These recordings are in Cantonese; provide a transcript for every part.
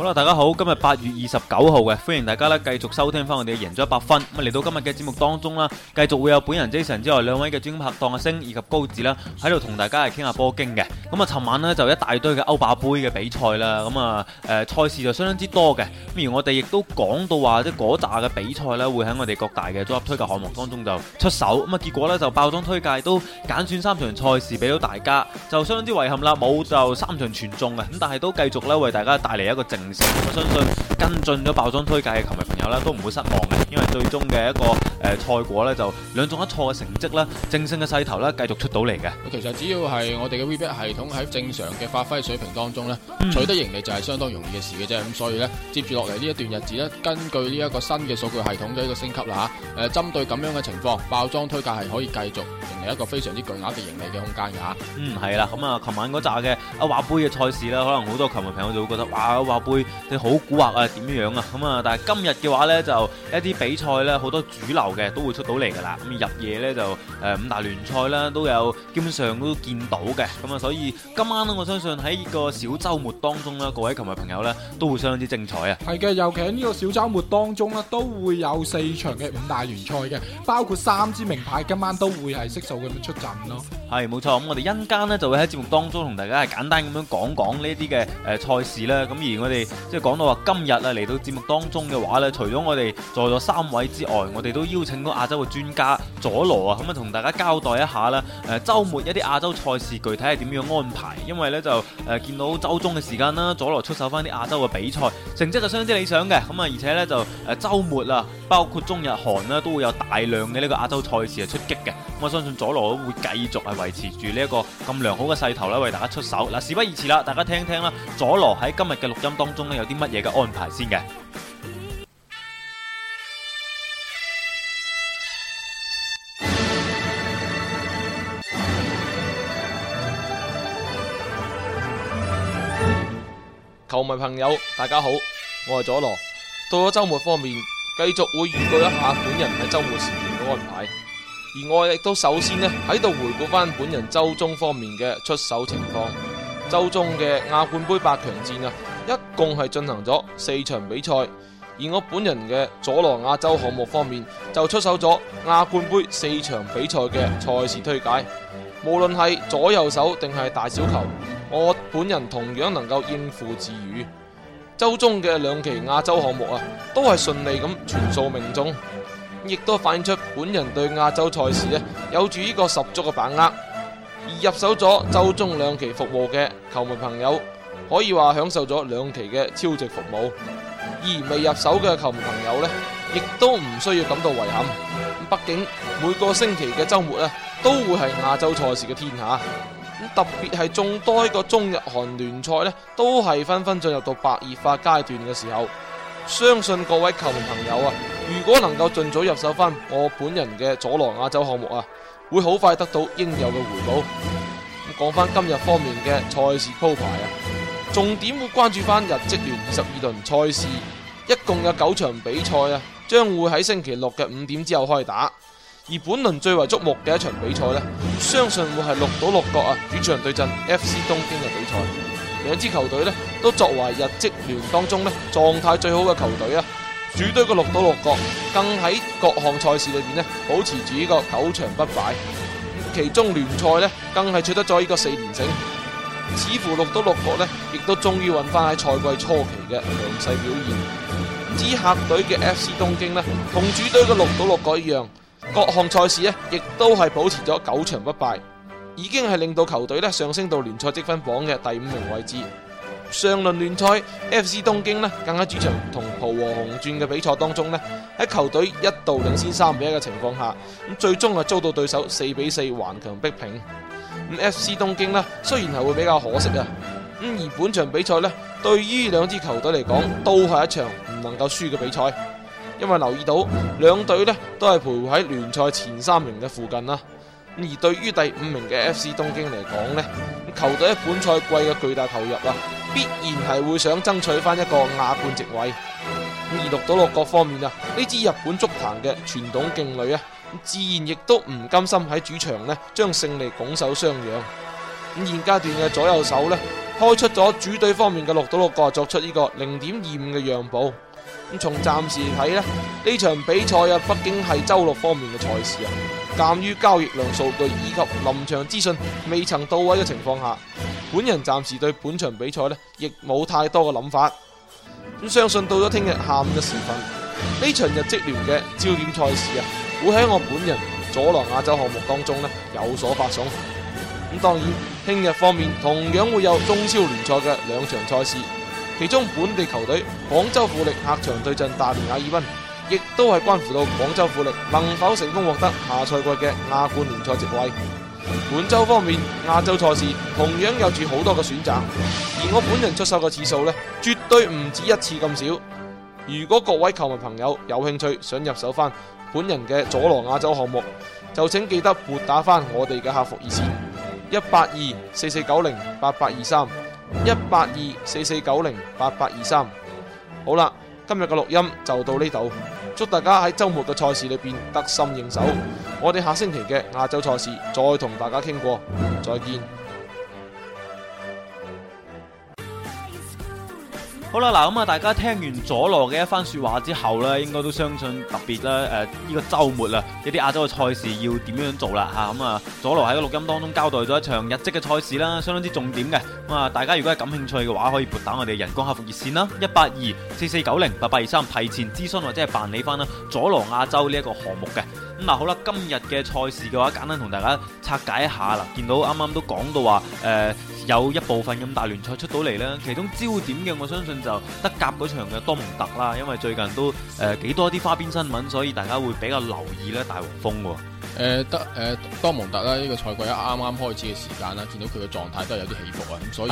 好啦，大家好，今日八月二十九號嘅，歡迎大家咧繼續收聽翻我哋嘅贏足 100FUN。咁嚟到今日嘅節目當中啦，繼續會有本人 Jason 之外，兩位嘅專客檔阿星以及高智啦，喺度同大家係傾下波經嘅。咁啊，尋晚呢就一大堆嘅歐霸杯嘅比賽啦，咁啊誒賽事就相當之多嘅。咁而我哋亦都講到話，即嗰扎嘅比賽呢會喺我哋各大嘅組合推介項目當中就出手。咁啊，結果呢就爆裝推介都揀選三場賽事俾到大家，就相當之遺憾啦，冇就三場全中嘅。咁但係都繼續咧為大家帶嚟一個淨。我相信跟進咗爆裝推介嘅球迷朋友咧，都唔會失望嘅，因為最終嘅一個誒、呃、賽果咧，就兩種一錯嘅成績咧，正勝嘅勢頭咧，繼續出到嚟嘅。其實只要係我哋嘅 VPS 系統喺正常嘅發揮水平當中咧，嗯、取得盈利就係相當容易嘅事嘅啫。咁所以咧，接住落嚟呢一段日子咧，根據呢一個新嘅數據系統嘅一個升級啦嚇，誒、啊、針對咁樣嘅情況，爆裝推介係可以繼續迎嚟一個非常之巨額嘅盈利嘅空間嘅嚇、啊嗯。嗯，係啦，咁啊，琴晚嗰扎嘅阿華杯嘅賽事啦，可能好多球迷朋友就會覺得哇，阿華杯。你好蠱惑啊，點樣樣啊咁啊！但係今日嘅話咧，就一啲比賽咧，好多主流嘅都會出到嚟噶啦。咁入夜咧就，誒，五大聯賽啦，都有基本上都見到嘅。咁啊，所以今晚咧，我相信喺呢個小週末當中咧，各位球迷朋友咧都會相當之精彩啊！係嘅，尤其喺呢個小週末當中咧，都會有四場嘅五大聯賽嘅，包括三支名牌，今晚都會係悉數咁樣出陣咯。係冇錯，咁我哋一間呢，就會喺節目當中同大家係簡單咁樣講講呢啲嘅誒賽事啦。咁而我哋即係講到話今日啊嚟到節目當中嘅話呢，除咗我哋在座三位之外，我哋都邀請咗亞洲嘅專家佐羅啊，咁啊同大家交代一下啦。誒周末一啲亞洲賽事具體係點樣安排？因為呢就誒見到周中嘅時間啦，佐羅出手翻啲亞洲嘅比賽，成績就相當之理想嘅。咁啊而且呢就誒周末啊，包括中日韓呢，都會有大量嘅呢個亞洲賽事係出擊嘅。我相信佐羅都會繼續啊。維持住呢一個咁良好嘅勢頭啦，為大家出手嗱，事不宜遲啦，大家聽聽啦，佐羅喺今日嘅錄音當中咧有啲乜嘢嘅安排先嘅？球迷朋友大家好，我係佐羅，到咗周末方面，繼續會預告一下本人喺周末時段嘅安排。而我亦都首先呢喺度回顧翻本人周中方面嘅出手情況。周中嘅亞冠盃八強戰啊，一共係進行咗四場比賽。而我本人嘅佐羅亞洲項目方面就出手咗亞冠盃四場比賽嘅賽事推介。無論係左右手定係大小球，我本人同樣能夠應付自如。周中嘅兩期亞洲項目啊，都係順利咁全數命中。亦都反映出本人對亞洲賽事呢有住呢個十足嘅把握，而入手咗周中兩期服務嘅球迷朋友，可以話享受咗兩期嘅超值服務；而未入手嘅球迷朋友呢，亦都唔需要感到遺憾。畢竟每個星期嘅周末啊，都會係亞洲賽事嘅天下。特別係眾多呢個中日韓聯賽呢，都係紛紛進入到白熱化階段嘅時候，相信各位球迷朋友啊。如果能夠盡早入手翻我本人嘅佐羅亞洲項目啊，會好快得到應有嘅回報。咁講翻今日方面嘅賽事鋪排啊，重點會關注翻日職聯二十二輪賽事，一共有九場比賽啊，將會喺星期六嘅五點之後開打。而本輪最為矚目嘅一場比賽呢，相信會係鹿島鹿角啊主場對陣 F.C. 東京嘅比賽。兩支球隊呢，都作為日職聯當中呢狀態最好嘅球隊啊。主隊嘅鹿島鹿角更喺各項賽事裏邊呢，保持住呢個九場不敗，其中聯賽呢更係取得咗呢個四連勝，似乎鹿島鹿角呢亦都終於揾翻喺賽季初期嘅強勢表現。支客隊嘅 F.C. 東京呢，同主隊嘅鹿島鹿角一樣，各項賽事呢亦都係保持咗九場不敗，已經係令到球隊呢上升到聯賽積分榜嘅第五名位置。上輪聯賽，F.C. 東京咧，更加主場同浦和紅鑽嘅比賽當中咧，喺球隊一度領先三比一嘅情況下，咁最終啊遭到對手四比四頑強逼平。F.C. 東京咧，雖然係會比較可惜啊，咁而本場比賽咧，對於兩支球隊嚟講，都係一場唔能夠輸嘅比賽，因為留意到兩隊咧都係徘徊喺聯賽前三名嘅附近啦。咁而對於第五名嘅 F.C. 東京嚟講咧，球隊喺本賽季嘅巨大投入啊。必然係會想爭取翻一個亞冠席位。而鹿島鹿角方面啊，呢支日本足壇嘅傳統勁旅啊，自然亦都唔甘心喺主場咧將勝利拱手相讓。咁現階段嘅左右手呢，開出咗主隊方面嘅鹿島鹿角作出呢個零點二五嘅讓步。咁從暫時睇呢，呢場比賽啊，畢竟係周六方面嘅賽事啊，鑒於交易量數據以及臨場資訊未曾到位嘅情況下。本人暫時對本場比賽咧亦冇太多嘅諗法，咁相信到咗聽日下午嘅時分，呢場日職聯嘅焦點賽事啊，會喺我本人佐羅亞洲項目當中咧有所發想。咁當然，聽日方面同樣會有中超聯賽嘅兩場賽事，其中本地球隊廣州富力客場對陣大連阿爾濱，亦都係關乎到廣州富力能否成功獲得下賽季嘅亞冠聯賽席位。本周方面，亞洲賽事同樣有住好多嘅選擇，而我本人出手嘅次數呢，絕對唔止一次咁少。如果各位球迷朋友有興趣想入手翻本人嘅佐羅亞洲項目，就請記得撥打翻我哋嘅客服熱線一八二四四九零八八二三一八二四四九零八八二三。好啦，今日嘅錄音就到呢度。祝大家喺周末嘅賽事裏面得心應手。我哋下星期嘅亞洲賽事再同大家傾過，再見。好啦，嗱咁啊，大家聽完佐羅嘅一番說話之後呢應該都相信特別咧誒，呢、呃呢個周末呢一啲亞洲嘅賽事要點樣做啦吓，咁啊！佐羅喺個錄音當中交代咗一場日職嘅賽事啦，相當之重點嘅。咁啊，大家如果係感興趣嘅話，可以撥打我哋人工客服熱線啦，一八二四四九零八八二三，23，提前諮詢或者係辦理翻啦，佐羅亞洲呢一個項目嘅。咁、嗯、好啦，今日嘅賽事嘅話，簡單同大家拆解一下啦。見到啱啱都講到話、呃，有一部分咁大聯賽出到嚟啦，其中焦點嘅我相信就德甲嗰場嘅多蒙特啦，因為最近都、呃、幾多啲花邊新聞，所以大家會比較留意咧大黃蜂喎。誒、嗯，得誒、嗯，多蒙特啦，呢個賽季啱啱開始嘅時間啦，見到佢嘅狀態都係有啲起伏啊，咁所以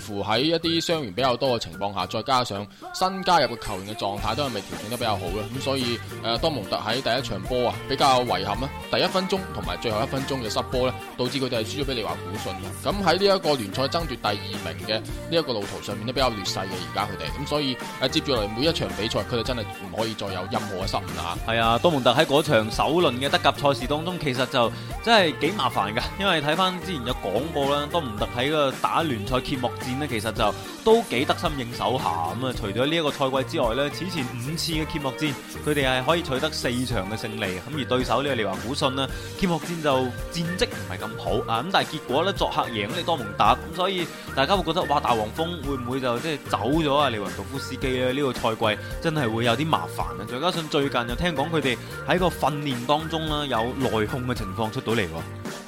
似乎喺一啲傷員比較多嘅情況下，再加上新加入嘅球員嘅狀態都係咪調整得比較好啦，咁所以誒、呃、多蒙特喺第一場波啊，比較遺憾啦，第一分鐘同埋最後一分鐘嘅失波呢，導致佢哋係輸咗俾利華古信，咁喺呢一個聯賽爭奪第二名嘅呢一個路途上面都比較劣勢嘅而家佢哋，咁所以誒、啊、接住嚟每一場比賽佢哋真係唔可以再有任何嘅失誤啊！係啊，多蒙特喺嗰場首輪嘅德甲賽。事當中其實就真係幾麻煩嘅，因為睇返之前有講過啦，多蒙特喺個打聯賽揭幕戰呢，其實就都幾得心應手下咁啊。除咗呢一個賽季之外呢，此前五次嘅揭幕戰，佢哋係可以取得四場嘅勝利。咁而對手呢，利華古遜啦，揭幕戰就戰績唔係咁好啊。咁但係結果呢，作客贏咗多蒙特。咁所以大家會覺得哇，大黃蜂會唔會就即係走咗啊？利雲杜夫斯基啊，呢個賽季真係會有啲麻煩啊。再加上最近就聽講佢哋喺個訓練當中啦有內訌嘅情況出到嚟。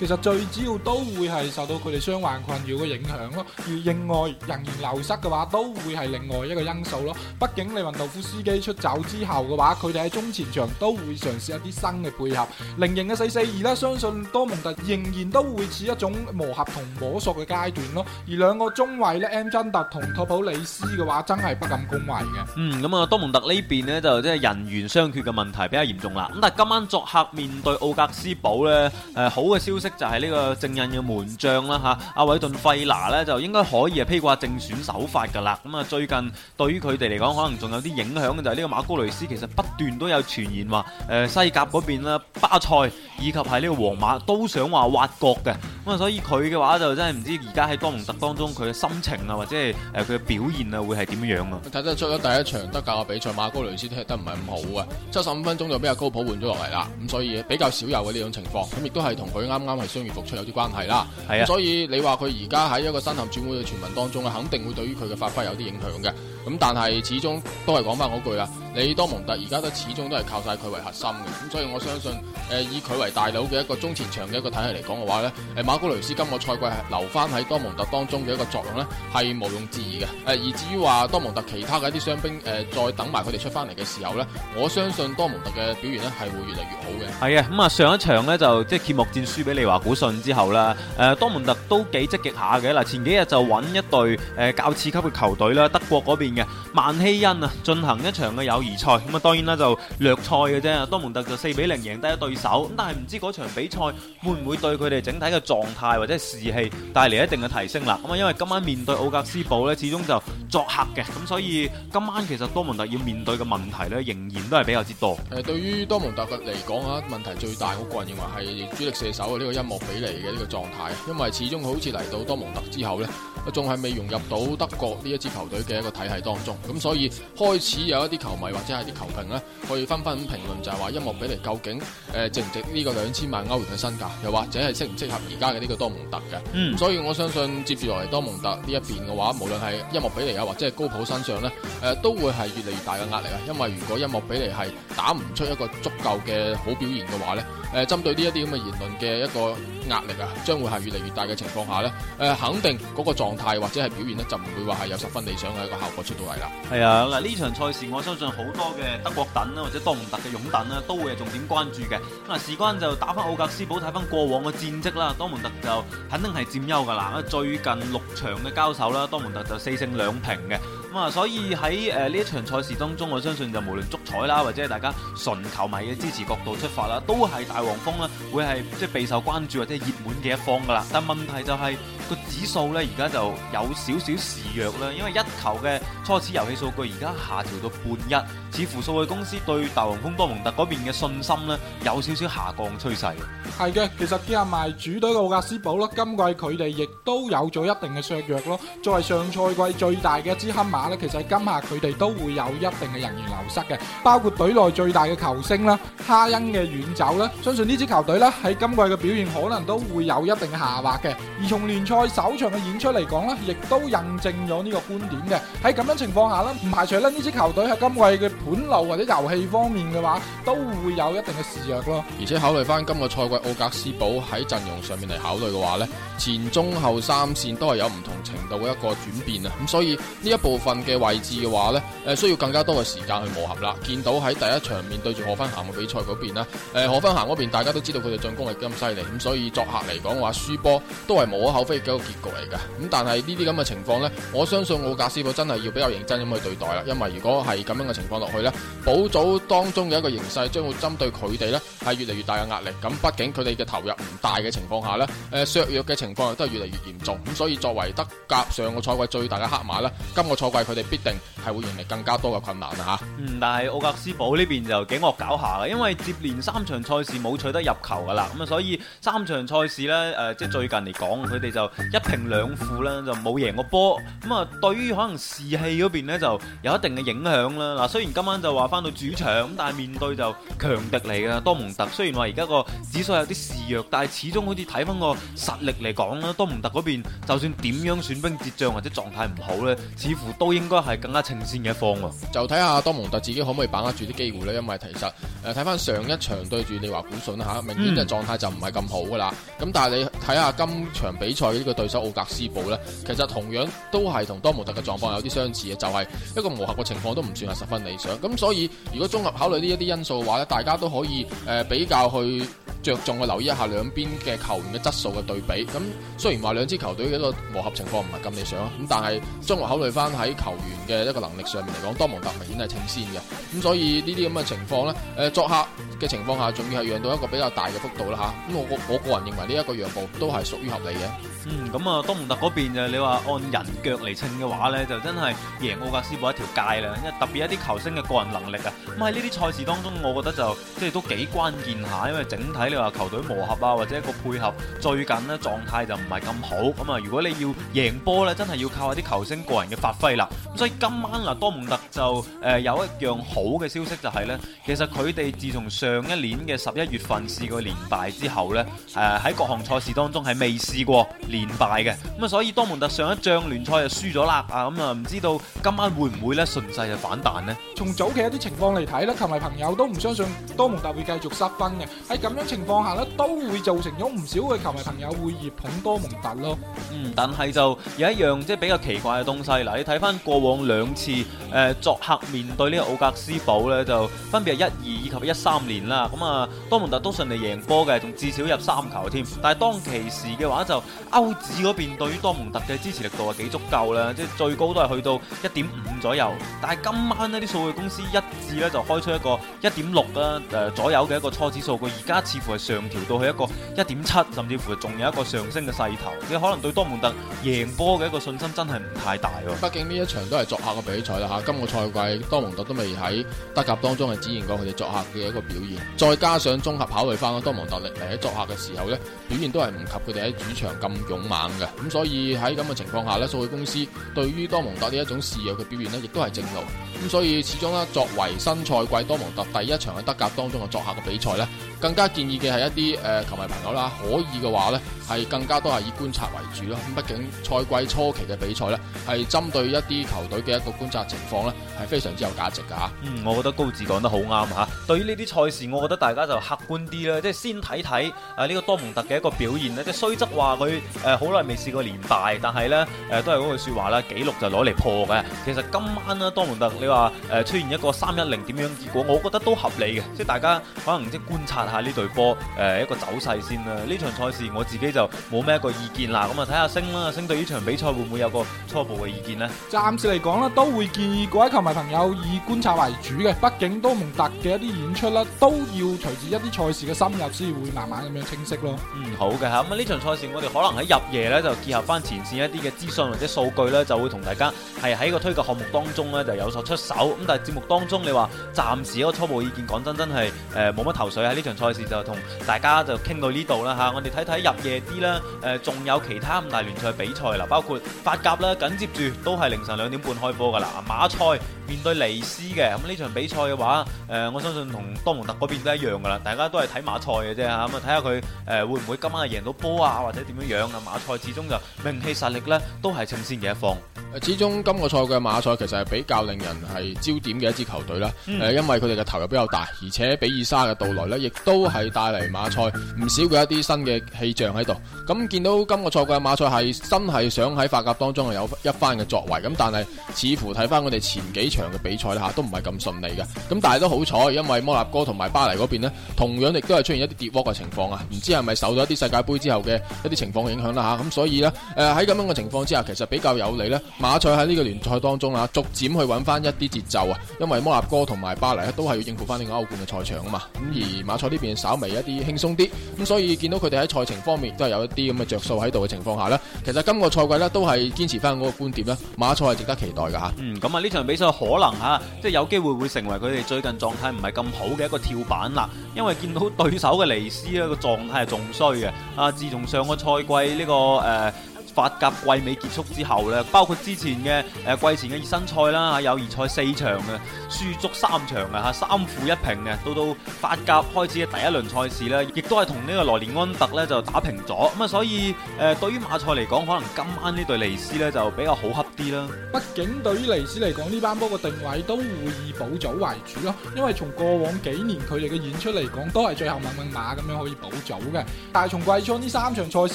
其實最主要都會係受到佢哋傷患困擾嘅影響咯，而另外人員流失嘅話，都會係另外一個因素咯。畢竟利雲道夫斯基出走之後嘅話，佢哋喺中前場都會嘗試一啲新嘅配合。零零嘅四四二呢，相信多蒙特仍然都會似一種磨合同摸索嘅階段咯。而兩個中衛咧，M 真特同托普里斯嘅話，真係不敢恭維嘅。嗯，咁啊，多蒙特呢邊咧就即係人員相缺嘅問題比較嚴重啦。咁但係今晚作客面對奧格斯堡咧，誒，好嘅消息。就係呢個正印嘅門將啦吓，阿韋頓費拿呢，就應該可以啊披掛正選手法噶啦。咁啊，最近對於佢哋嚟講，可能仲有啲影響嘅就係呢個馬高雷斯，其實不斷都有傳言話，誒、呃、西甲嗰邊啦，巴塞以及係呢個皇馬都想話挖角嘅。咁啊，所以佢嘅話就真係唔知而家喺多蒙特當中佢嘅心情啊，或者係誒佢嘅表現啊，會係點樣啊？睇得出咗第一場德甲嘅比賽，馬高雷斯踢得唔係咁好啊，七十五分鐘就俾阿高普換咗落嚟啦。咁所以比較少有嘅呢種情況，咁亦都係同佢啱啱係傷愈復出有啲關係啦。係是啊，所以你話佢而家喺一個身陷轉會嘅傳聞當中啊，肯定會對於佢嘅發揮有啲影響嘅。咁但係始終都係講翻嗰句啦。你多蒙特而家都始終都係靠晒佢為核心嘅，咁所以我相信，誒以佢為大佬嘅一個中前場嘅一個體系嚟講嘅話咧，誒馬古雷斯今個賽季係留翻喺多蒙特當中嘅一個作用咧，係毋庸置疑嘅。誒而至於話多蒙特其他嘅一啲傷兵，誒再等埋佢哋出翻嚟嘅時候咧，我相信多蒙特嘅表現咧係會越嚟越好嘅。係啊，咁、嗯、啊上一場咧就即係揭幕戰輸俾利華古信之後啦，誒、呃、多蒙特都幾積極下嘅嗱、呃，前幾日就揾一隊誒較、呃、次級嘅球隊啦，德國嗰邊嘅曼希恩啊進行一場嘅有賽咁啊，當然啦，就略賽嘅啫。多蒙特就四比零贏低咗對手，但係唔知嗰場比賽會唔會對佢哋整體嘅狀態或者士氣帶嚟一定嘅提升啦。咁啊，因為今晚面對奧格斯堡咧，始終就作客嘅，咁所以今晚其實多蒙特要面對嘅問題咧，仍然都係比較之多。誒，對於多蒙特嚟講啊，問題最大，我個人認為係主力射手啊呢個音樂比嚟嘅呢個狀態，因為始終好似嚟到多蒙特之後咧，仲係未融入到德國呢一支球隊嘅一個體系當中，咁所以開始有一啲球迷。或者係啲球評咧，可以紛紛咁評論，就係話音樂比利究竟誒、呃、值唔值呢個兩千萬歐元嘅身價？又或者係適唔適合而家嘅呢個多蒙特嘅？嗯，所以我相信接住落嚟，多蒙特呢一邊嘅話，無論係音樂比利啊，或者係高普身上咧，誒、呃、都會係越嚟越大嘅壓力啊！因為如果音樂比利係打唔出一個足夠嘅好表現嘅話咧，誒、呃、針對呢一啲咁嘅言論嘅一個壓力啊，將會係越嚟越大嘅情況下咧，誒、呃、肯定嗰個狀態或者係表現咧，就唔會話係有十分理想嘅一個效果出到嚟啦。係啊，嗱呢場賽事我相信。好多嘅德國躉啦，或者多蒙特嘅擁躉啦，都會係重點關注嘅。嗱、啊，事關就打返奧格斯堡，睇返過往嘅戰績啦。多蒙特就肯定係佔優㗎啦。咁，最近六場嘅交手啦，多蒙特就四勝兩平嘅。咁啊、嗯，所以喺誒呢一場賽事當中，我相信就無論足彩啦，或者係大家純球迷嘅支持角度出發啦，都係大黃蜂啦，會係即係備受關注或者係熱門嘅一方噶啦。但問題就係、是、個指數咧，而家就有少少示弱啦，因為一球嘅初始遊戲數據而家下調到半一，似乎數據公司對大黃蜂多蒙特嗰邊嘅信心咧有少少下降趨勢。係嘅，其實今日賣主隊奧格斯堡啦，今季佢哋亦都有咗一定嘅削弱咯。作為上賽季最大嘅支其實今夏佢哋都會有一定嘅人員流失嘅，包括隊內最大嘅球星啦、哈恩嘅遠走啦，相信呢支球隊呢，喺今季嘅表現可能都會有一定嘅下滑嘅。而從聯賽首場嘅演出嚟講咧，亦都印證咗呢個觀點嘅。喺咁樣情況下咧，唔排除咧呢支球隊喺今季嘅盤路或者遊戲方面嘅話，都會有一定嘅示弱咯。而且考慮翻今個賽季奧格斯堡喺陣容上面嚟考慮嘅話呢，前中後三線都係有唔同程度嘅一個轉變啊。咁所以呢一部分。嘅位置嘅話咧，誒需要更加多嘅時間去磨合啦。見到喺第一場面對住何芬咸嘅比賽嗰邊呢，誒何芬咸嗰邊大家都知道佢哋進攻係咁犀利，咁所以作客嚟講話輸波都係無可厚非嘅一個結局嚟嘅，咁但係呢啲咁嘅情況咧，我相信奧格斯堡真係要比較認真咁去對待啦。因為如果係咁樣嘅情況落去咧，補組當中嘅一個形勢將會針對佢哋咧係越嚟越大嘅壓力。咁畢竟佢哋嘅投入唔大嘅情況下咧，誒削弱嘅情況亦都係越嚟越嚴重。咁所以作為德甲上個賽季最大嘅黑馬咧，今個賽季。佢哋必定係會迎嚟更加多嘅困難啊！嗯，但係奧格斯堡呢邊就幾惡搞下喇，因為接連三場賽事冇取得入球㗎啦，咁啊，所以三場賽事呢，誒、呃，即係最近嚟講，佢哋就一平兩負啦，就冇贏過波。咁啊，對於可能士氣嗰邊咧，就有一定嘅影響啦。嗱，雖然今晚就話翻到主場，咁但係面對就強敵嚟嘅多蒙特。雖然話而家個指數有啲示弱，但係始終好似睇翻個實力嚟講咧，多蒙特嗰邊就算點樣選兵折將或者狀態唔好呢，似乎都應該係更加前線嘅一方啊！就睇下多蒙特自己可唔可以把握住啲機會呢？因為其實誒、睇、呃、翻上一場對住利華古遜吓，明顯嘅狀態就唔係咁好噶啦。咁、嗯、但係你睇下今場比賽呢個對手奧格斯堡呢，其實同樣都係同多蒙特嘅狀況有啲相似嘅，就係、是、一個磨合嘅情況都唔算係十分理想。咁所以如果綜合考慮呢一啲因素嘅話呢，大家都可以誒、呃、比較去着重去留意一下兩邊嘅球員嘅質素嘅對比。咁雖然話兩支球隊嘅一個磨合情況唔係咁理想啊，咁但係綜合考慮翻喺。球員嘅一個能力上面嚟講，多蒙特明顯係稱先嘅，咁所以這些呢啲咁嘅情況咧，誒，作客嘅情況下，仲要係讓到一個比較大嘅幅度啦吓，咁我個我個人認為呢一個讓步都係屬於合理嘅。嗯，咁啊，多蒙特嗰邊就你話按人腳嚟稱嘅話咧，就真係贏奧格斯堡一條街啦。因為特別一啲球星嘅個人能力啊，咁喺呢啲賽事當中，我覺得就即係都幾關鍵下，因為整體你話球隊磨合啊，或者一個配合最近咧狀態就唔係咁好。咁啊，如果你要贏波咧，真係要靠一啲球星個人嘅發揮啦。咁所以今晚啊，多蒙特就誒、呃、有一樣好嘅消息就係、是、咧，其實佢哋自從上一年嘅十一月份試過連敗之後咧，誒、呃、喺各項賽事當中係未試過。連敗嘅。咁啊，所以多蒙特上一仗聯賽就輸咗啦啊，咁啊唔知道今晚會唔會呢順勢就反彈呢？從早期一啲情況嚟睇呢，球迷朋友都唔相信多蒙特會繼續失分嘅。喺咁樣情況下呢，都會造成咗唔少嘅球迷朋友會熱捧多蒙特咯。嗯，但係就有一樣即係比較奇怪嘅東西嗱，你睇返過往兩次誒作客面對呢個奧格斯堡呢，就分別係一、二以及一、三年啦。咁啊，多蒙特都順利贏波嘅，仲至少入三球添。但係當其時嘅話就啊。歐指嗰邊對於多蒙特嘅支持力度係幾足夠啦，即係最高都係去到一點五左右。但係今晚呢啲數據公司一致咧就開出一個一點六啦，誒左右嘅一個初始數據，而家似乎係上調到去一個一點七，甚至乎仲有一個上升嘅勢頭。你可能對多蒙特贏波嘅一個信心真係唔太大喎、啊。畢竟呢一場都係作客嘅比賽啦，吓、啊、今個賽季多蒙特都未喺德甲當中係展現過佢哋作客嘅一個表現。再加上綜合考慮翻多蒙特嚟喺作客嘅時候咧，表現都係唔及佢哋喺主場咁。勇猛嘅，咁所以喺咁嘅情況下呢，數據公司對於多蒙特呢一種示弱嘅表現呢，亦都係正路。咁所以始終呢，作為新賽季多蒙特第一場嘅德甲當中嘅作客嘅比賽呢，更加建議嘅係一啲誒、呃、球迷朋友啦，可以嘅話呢，係更加都係以觀察為主咯。畢竟賽季初期嘅比賽呢，係針對一啲球隊嘅一個觀察情況呢，係非常之有價值噶吓。嗯，我覺得高智講得好啱吓。對於呢啲賽事，我覺得大家就客觀啲啦，即係先睇睇誒呢個多蒙特嘅一個表現呢，即係雖則話佢。誒好耐未試過連敗，但係呢誒、呃、都係嗰句説話啦，紀錄就攞嚟破嘅。其實今晚啦，多蒙特你話誒、呃、出現一個三一零點樣結果，我覺得都合理嘅。即係大家可能即係觀察下呢隊波誒、呃、一個走勢先啦。呢場賽事我自己就冇咩一個意見啦。咁啊睇下星啦，星對呢場比賽會唔會有個初步嘅意見呢？暫時嚟講啦，都會建議各位球迷朋友以觀察為主嘅。畢竟多蒙特嘅一啲演出啦，都要隨住一啲賽事嘅深入先會慢慢咁樣清晰咯。嗯，好嘅，咁、嗯、呢場賽事我哋可能喺入夜咧就結合翻前線一啲嘅資訊或者數據咧，就會同大家係喺個推介項目當中咧就有所出手。咁但係節目當中你話暫時一個初步意見，講真真係誒冇乜頭緒喺呢場賽事就同大家就傾到呢度啦吓，我哋睇睇入夜啲啦，誒、呃、仲有其他五大聯賽比賽啦，包括法甲啦，緊接住都係凌晨兩點半開波噶啦。馬賽面對尼斯嘅，咁呢場比賽嘅話，誒、呃、我相信同多蒙特嗰邊都一樣噶啦，大家都係睇馬賽嘅啫吓，咁啊睇下佢誒會唔會今晚係贏到波啊，或者點樣樣啊？馬賽始終就名氣實力咧都係趁先嘅一方。始終今個賽季嘅馬賽其實係比較令人係焦點嘅一支球隊啦。誒、嗯，因為佢哋嘅投入比較大，而且比爾沙嘅到來呢，亦都係帶嚟馬賽唔少嘅一啲新嘅氣象喺度。咁見到今個賽季嘅馬賽係真係想喺法甲當中係有一番嘅作為，咁但係似乎睇翻我哋前幾場嘅比賽咧吓，都唔係咁順利嘅。咁但係都好彩，因為摩納哥同埋巴黎嗰邊呢，同樣亦都係出現一啲跌窩嘅情況啊！唔知係咪受咗一啲世界杯之後嘅一啲情況影響？咁、啊、所以呢，誒喺咁樣嘅情況之下，其實比較有利呢。馬賽喺呢個聯賽當中啊，逐漸去揾翻一啲節奏啊。因為摩納哥同埋巴黎都係要應付翻呢個歐冠嘅賽場啊嘛。咁而馬賽呢邊稍微一啲輕鬆啲，咁、啊、所以見到佢哋喺賽程方面都係有一啲咁嘅着數喺度嘅情況下呢，其實今個賽季呢都係堅持翻嗰個觀點呢，馬賽係值得期待噶吓。嗯，咁啊呢場比賽可能吓，即、啊、係、即係、有機會會成為佢哋最近狀態唔係咁好嘅一個跳板啦、啊。因為見到對手嘅尼斯呢、呢個狀態係仲衰嘅，啊自從上個賽季。呢、這個呃、uh 法甲季尾結束之後咧，包括之前嘅誒季前嘅熱身賽啦，友誼賽四場嘅輸足三場嘅嚇，三負一平嘅，到到法甲開始嘅第一輪賽事呢，亦都係同呢個羅連安特呢就打平咗。咁啊，所以誒對於馬賽嚟講，可能今晚呢對尼斯呢就比較好恰啲啦。畢竟對於尼斯嚟講，呢班波嘅定位都會以保組為主咯，因為從過往幾年佢哋嘅演出嚟講，都係最後掹掹馬咁樣可以保組嘅。但係從季初呢三場賽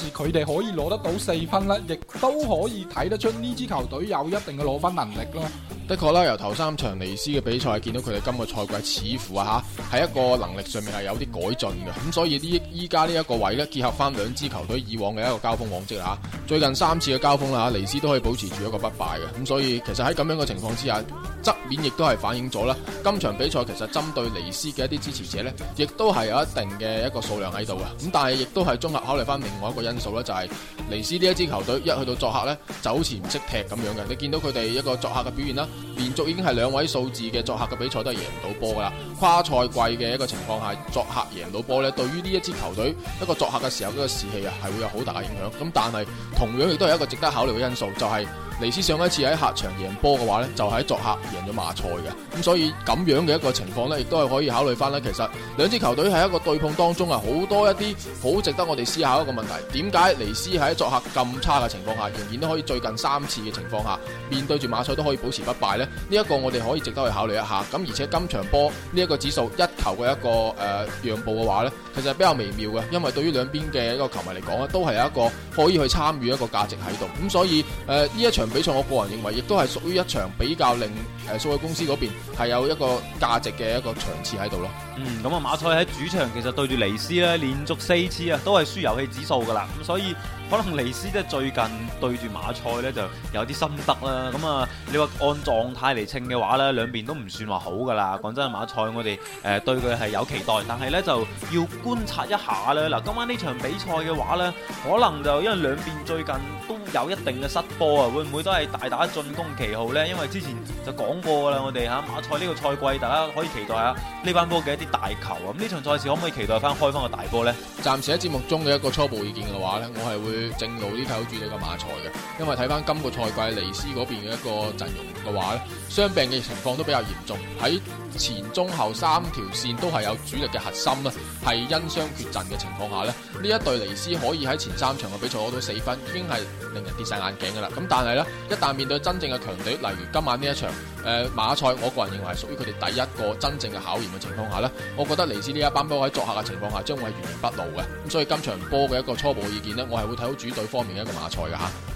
事，佢哋可以攞得到四分。亦都可以睇得出呢支球隊有一定嘅攞分能力咯。的確啦，由頭三場尼斯嘅比賽見到佢哋今個賽季似乎啊吓係一個能力上面係有啲改進嘅。咁所以呢依家呢一個位咧，結合翻兩支球隊以往嘅一個交鋒往績啦，最近三次嘅交鋒啦，尼斯都可以保持住一個不敗嘅。咁所以其實喺咁樣嘅情況之下。側面亦都係反映咗啦，今場比賽其實針對尼斯嘅一啲支持者呢，亦都係有一定嘅一個數量喺度嘅。咁但係亦都係綜合考慮翻另外一個因素呢，就係尼斯呢一支球隊一去到作客呢，走前唔識踢咁樣嘅。你見到佢哋一個作客嘅表現啦，連續已經係兩位數字嘅作客嘅比賽都係贏唔到波㗎啦。跨賽季嘅一個情況下，作客贏到波呢，對於呢一支球隊一個作客嘅時候嗰個士氣啊，係會有好大嘅影響。咁但係同樣亦都係一個值得考慮嘅因素，就係。尼斯上一次喺客場贏波嘅話咧，就喺、是、作客贏咗馬賽嘅，咁所以咁樣嘅一個情況咧，亦都係可以考慮翻咧。其實兩支球隊喺一個對碰當中啊，好多一啲好值得我哋思考一個問題：點解尼斯喺作客咁差嘅情況下，仍然都可以最近三次嘅情況下面對住馬賽都可以保持不敗咧？呢、這、一個我哋可以值得去考慮一下。咁而且今場波呢一個指數一球嘅一個誒、呃、讓步嘅話咧，其實係比較微妙嘅，因為對於兩邊嘅一個球迷嚟講咧，都係有一個可以去參與一個價值喺度。咁所以誒呢、呃、一場。比賽我個人認為亦都係屬於一場比較令誒，數據公司嗰邊係有一個價值嘅一個場次喺度咯。嗯，咁啊馬賽喺主場其實對住尼斯咧，連續四次啊都係輸遊戲指數噶啦，咁所以。可能尼斯即係最近對住馬賽咧就有啲心得啦。咁啊，你話按狀態嚟稱嘅話咧，兩邊都唔算話好噶啦。講真，馬賽我哋誒對佢係有期待，但係咧就要觀察一下啦。嗱，今晚呢場比賽嘅話咧，可能就因為兩邊最近都有一定嘅失波啊，會唔會都係大打進攻旗號咧？因為之前就講過噶啦，我哋吓馬賽呢個賽季大家可以期待下呢班波嘅一啲大球啊。咁呢場賽事可唔可以期待翻開翻個大波咧？暫時喺節目中嘅一個初步意見嘅話咧，我係會。去正路呢睇好主隊嘅馬賽嘅，因為睇翻今個賽季尼斯嗰邊嘅一個陣容嘅話咧，傷病嘅情況都比較嚴重，喺前中後三條綫都係有主力嘅核心啦，係因傷缺陣嘅情況下咧，呢一隊尼斯可以喺前三場嘅比賽攞到四分，已經係令人跌晒眼鏡噶啦。咁但係咧，一旦面對真正嘅強隊，例如今晚呢一場誒、呃、馬賽，我個人認為係屬於佢哋第一個真正嘅考驗嘅情況下咧，我覺得尼斯呢一班波喺作客嘅情況下將，將會係完全不露嘅。咁所以今場波嘅一個初步意見咧，我係會睇。有主隊方面嘅一個馬賽噶吓。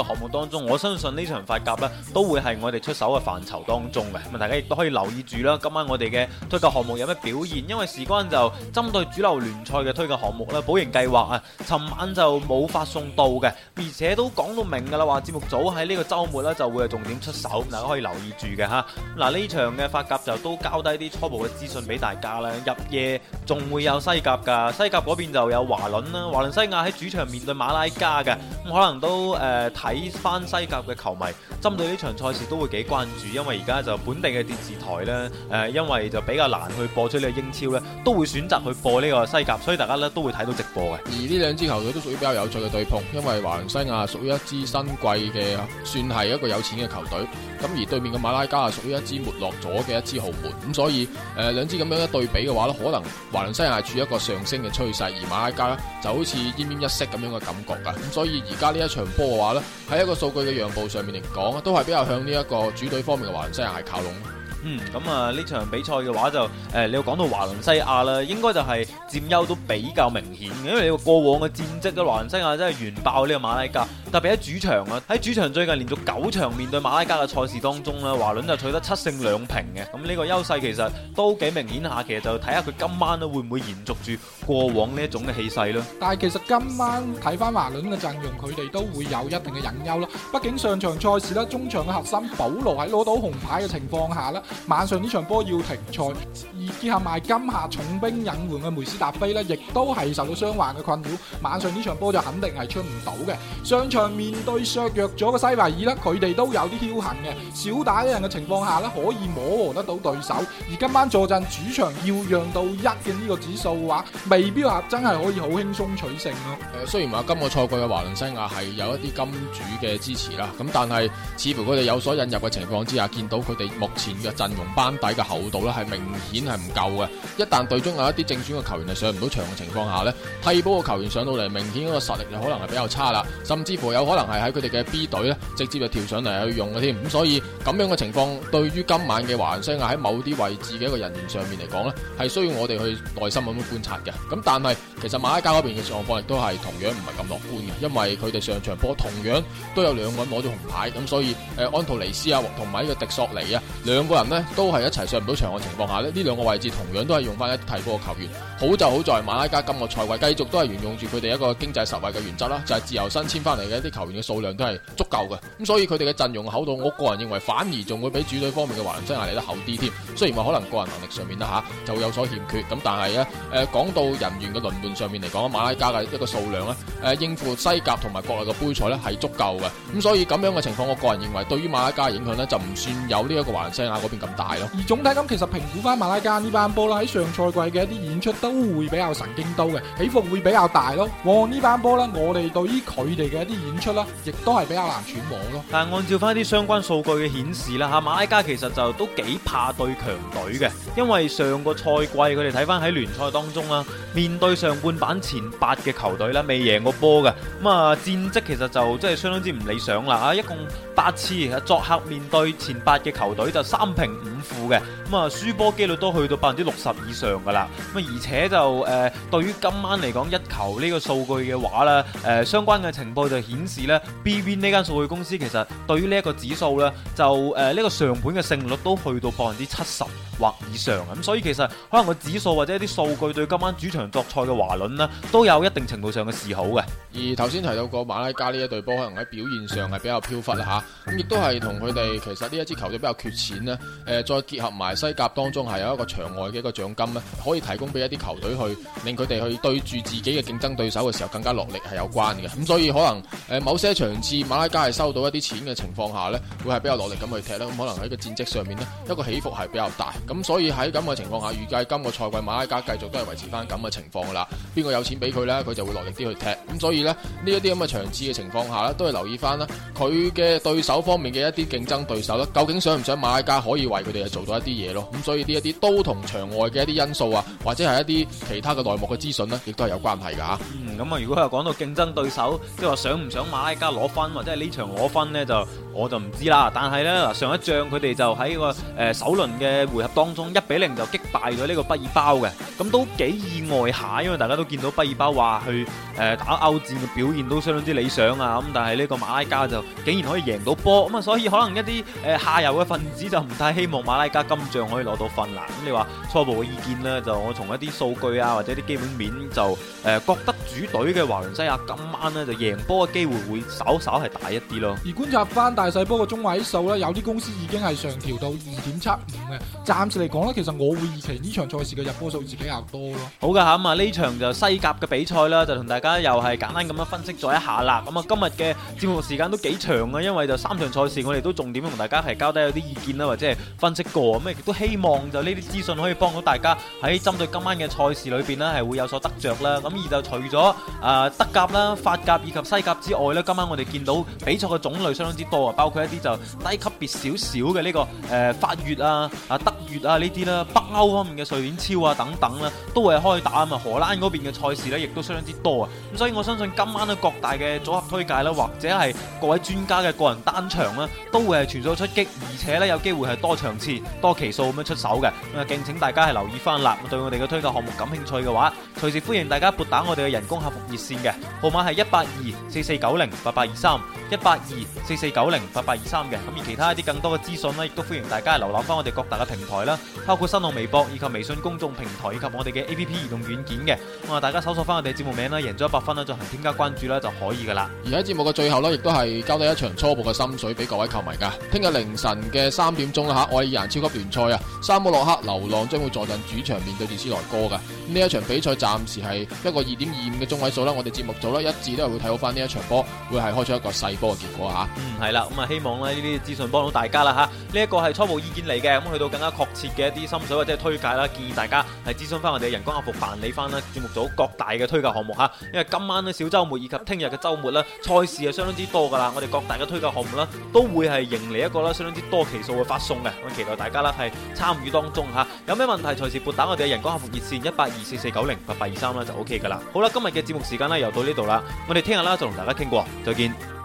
項目當中，我相信呢場法甲咧都會係我哋出手嘅範疇當中嘅，咁啊大家亦都可以留意住啦。今晚我哋嘅推介項目有乜表現？因為事關就針對主流聯賽嘅推介項目咧，保營計劃啊，尋晚就冇發送到嘅，而且都講到明㗎啦，話節目組喺呢個週末呢就會係重點出手，大家可以留意住嘅哈。嗱、啊、呢場嘅法甲就都交低啲初步嘅資訊俾大家啦，入夜仲會有西甲㗎，西甲嗰邊就有華倫啦，華倫西亞喺主場面對馬拉加嘅，咁可能都誒、呃睇翻西甲嘅球迷，針對呢場賽事都會幾關注，因為而家就本地嘅電視台呢，誒，因為就比較難去播出呢個英超呢，都會選擇去播呢個西甲，所以大家咧都會睇到直播嘅。而呢兩支球隊都屬於比較有趣嘅對碰，因為華倫西亞屬於一支新貴嘅，算係一個有錢嘅球隊。咁而對面嘅馬拉加啊，屬於一支沒落咗嘅一支豪門。咁所以誒，兩支咁樣一對比嘅話呢，可能華倫西亞係處於一個上升嘅趨勢，而馬拉加咧就好似奄奄一息咁樣嘅感覺噶。咁所以而家呢一場波嘅話咧。喺一個數據嘅讓步上面嚟講，都係比較向呢一個主隊方面嘅華人西洋靠攏。嗯，咁啊，呢場比賽嘅話就誒，你要講到華倫西亞啦，應該就係佔優都比較明顯嘅，因為你個過往嘅戰績，嘅華倫西亞真係完爆呢個馬拉加，特別喺主場啊，喺主場最近連續九場面對馬拉加嘅賽事當中啦，華倫就取得七勝兩平嘅，咁呢個優勢其實都幾明顯下，其實就睇下佢今晚咧會唔會延續住過往呢一種嘅氣勢啦。但係其實今晚睇翻華倫嘅陣容，佢哋都會有一定嘅隱憂啦，畢竟上場賽事啦，中場嘅核心保羅喺攞到紅牌嘅情況下.晚上呢場波要停賽，而結合埋今夏重兵引援嘅梅斯達菲呢，亦都係受到傷患嘅困擾。晚上呢場波就肯定係出唔到嘅。上場面對削弱咗嘅西維爾呢，佢哋都有啲僥幸嘅，少打一人嘅情況下呢，可以摸和得到對手。而今晚坐鎮主場要讓到一嘅呢個指數嘅話，未必話真係可以好輕鬆取勝咯。雖然話今個賽季嘅華倫西亞係有一啲金主嘅支持啦，咁但係似乎佢哋有所引入嘅情況之下，見到佢哋目前嘅。陣容班底嘅厚度咧，係明顯係唔夠嘅。一旦隊中有一啲正選嘅球員係上唔到場嘅情況下呢，替補嘅球員上到嚟，明顯嗰個實力就可能係比較差啦，甚至乎有可能係喺佢哋嘅 B 隊呢直接就跳上嚟去用嘅添。咁所以咁樣嘅情況，對於今晚嘅環人雙啊，喺某啲位置嘅一個人員上面嚟講呢，係需要我哋去耐心咁樣觀察嘅。咁但係其實馬拉加嗰邊嘅狀況亦都係同樣唔係咁樂觀嘅，因為佢哋上場波同樣都有兩位攞咗紅牌，咁所以誒安圖尼斯啊，同埋一個迪索尼啊，兩個人。都係一齊上唔到場嘅情況下咧，呢兩個位置同樣都係用翻一提過嘅球員。好就好在馬拉加今個賽季繼續都係沿用住佢哋一個經濟實惠嘅原則啦，就係自由身簽翻嚟嘅一啲球員嘅數量都係足夠嘅。咁所以佢哋嘅陣容厚度，我個人認為反而仲會比主隊方面嘅華倫西亞嚟得厚啲添。雖然話可能個人能力上面啦吓，就會有所欠缺，咁但係呢，誒講到人員嘅輪換上面嚟講，馬拉加嘅一個數量呢，誒應付西甲同埋國內嘅杯賽呢係足夠嘅。咁所以咁樣嘅情況，我個人認為對於馬拉加影響呢，就唔算有呢一個華倫西亞嗰邊咁大咯，而總體咁其實評估翻馬拉加呢班波啦，喺上賽季嘅一啲演出都會比較神經刀嘅，起伏會比較大咯。哦，呢班波啦，我哋對於佢哋嘅一啲演出啦，亦都係比較難揣摩咯。但係按照翻啲相關數據嘅顯示啦，吓馬拉加其實就都幾怕對強隊嘅，因為上個賽季佢哋睇翻喺聯賽當中啊，面對上半版前八嘅球隊咧，未贏過波㗎，咁啊戰績其實就即係相當之唔理想啦。啊，一共八次作客面對前八嘅球隊就三平。五副嘅。咁啊，輸波機率都去到百分之六十以上噶啦。咁啊，而且就誒、呃，對於今晚嚟講一球呢個數據嘅話咧，誒、呃，相關嘅情報就顯示咧，BB 呢間數據公司其實對於呢一個指數咧，就誒呢、呃呢個上盤嘅勝率都去到百分之七十或以上。咁所以其實可能個指數或者一啲數據對今晚主場作賽嘅華倫呢，都有一定程度上嘅示好嘅。而頭先提到過馬拉加呢一隊波，可能喺表現上係比較飄忽啦吓。咁、啊、亦都係同佢哋其實呢一支球隊比較缺錢呢再結合埋西甲當中係有一個場外嘅一個獎金呢，可以提供俾一啲球隊去令佢哋去對住自己嘅競爭對手嘅時候更加落力係有關嘅。咁所以可能誒某些場次馬拉加係收到一啲錢嘅情況下呢，會係比較落力咁去踢咧。咁可能喺個戰績上面呢，一個起伏係比較大。咁所以喺咁嘅情況下，預計今個賽季馬拉加繼續都係維持翻咁嘅情況啦。邊個有錢俾佢呢？佢就會落力啲去踢。咁所以呢，呢一啲咁嘅場次嘅情況下呢都係留意翻啦，佢嘅對手方面嘅一啲競爭對手啦，究竟想唔想馬拉加可以，為佢哋係做到一啲嘢咯，咁所以呢一啲都同場外嘅一啲因素啊，或者係一啲其他嘅內幕嘅資訊咧，亦都係有關係噶吓咁啊，如果又講到競爭對手，即係話想唔想馬拉加攞分，或者係呢場攞分咧，就我就唔知啦。但係咧，嗱，上一仗佢哋就喺個誒首輪嘅回合當中，一比零就擊敗咗呢個畢爾包嘅，咁都幾意外下，因為大家都見到畢爾包話去誒打歐戰嘅表現都相當之理想啊。咁但係呢個馬拉加就竟然可以贏到波，咁啊，所以可能一啲誒下游嘅份子就唔太希望馬拉加今仗可以攞到分啦。咁你話初步嘅意見咧，就我從一啲數據啊或者啲基本面就誒、呃、覺得主隊嘅華倫西亞今晚咧就贏波嘅機會會稍稍係大一啲咯。而觀察翻大細波嘅中位數咧，有啲公司已經係上調到二點七五嘅。暫時嚟講咧，其實我會預期呢場賽事嘅入波數字比較多咯。好嘅吓，咁啊呢場就西甲嘅比賽啦，就同大家又係簡單咁樣分析咗一下啦。咁、嗯、啊今日嘅節目時間都幾長啊，因為就三場賽事我哋都重點同大家係交低有啲意見啦，或者係分析過。亦、嗯、都希望就呢啲資訊可以幫到大家喺針對今晚嘅賽事裏邊呢，係會有所得着啦。咁、嗯、而就除咗。誒，德甲啦、法甲以及西甲之外呢，今晚我哋見到比賽嘅種類相當之多啊，包括一啲就低級別少少嘅呢個誒、呃、法乙啊、啊德乙啊呢啲啦，北歐方面嘅瑞典超啊等等啦，都會開打啊。荷蘭嗰邊嘅賽事咧，亦都相當之多啊。咁所以我相信今晚嘅各大嘅組合推介啦，或者係各位專家嘅個人單場啦，都會係全數出擊，而且咧有機會係多場次、多期數咁樣出手嘅。咁啊，敬請大家係留意翻啦。對我哋嘅推介項目感興趣嘅話，隨時歡迎大家撥打我哋嘅人工客服熱線嘅號碼係一八二四四九零八八二三一八二四四九零八八二三嘅。咁而其他一啲更多嘅資訊呢，亦都歡迎大家瀏覽翻我哋各大嘅平台啦，包括新浪微博以及微信公眾平台以及我哋嘅 A P P 移動軟件嘅，咁啊，大家搜索翻我哋節目名啦，贏足 100FUN 啦，進行添加關注啦就可以噶啦。而喺節目嘅最後咧，亦都係交低一場初步嘅心水俾各位球迷噶。聽日凌晨嘅三點鐘啦吓，愛爾蘭超級聯賽啊，沙姆洛克流浪將會坐陣主場面對住斯萊戈噶。呢一場比賽暫時係一個二點二五嘅。中位數啦，我哋節目組啦，一致都係會睇好翻呢一場波，會係開出一個細波嘅結果吓。嗯，係啦，咁啊希望咧呢啲資訊幫到大家啦吓。呢一個係初步意見嚟嘅，咁去到更加確切嘅一啲心水或者推介啦，建議大家係諮詢翻我哋人工客服辦理翻啦。節目組各大嘅推介項目吓，因為今晚呢，小周末以及聽日嘅周末啦，賽事係相當之多噶啦。我哋各大嘅推介項目啦，都會係迎嚟一個啦，相當之多期數嘅發送嘅。咁期待大家啦係參與當中吓，有咩問題隨時撥打我哋人工客服熱線一八二四四九零八八二三啦，4, 4 90, 就 OK 噶啦。好啦，今日嘅。節目時間啦，又到呢度啦，我哋聽日啦，就同大家傾過，再見。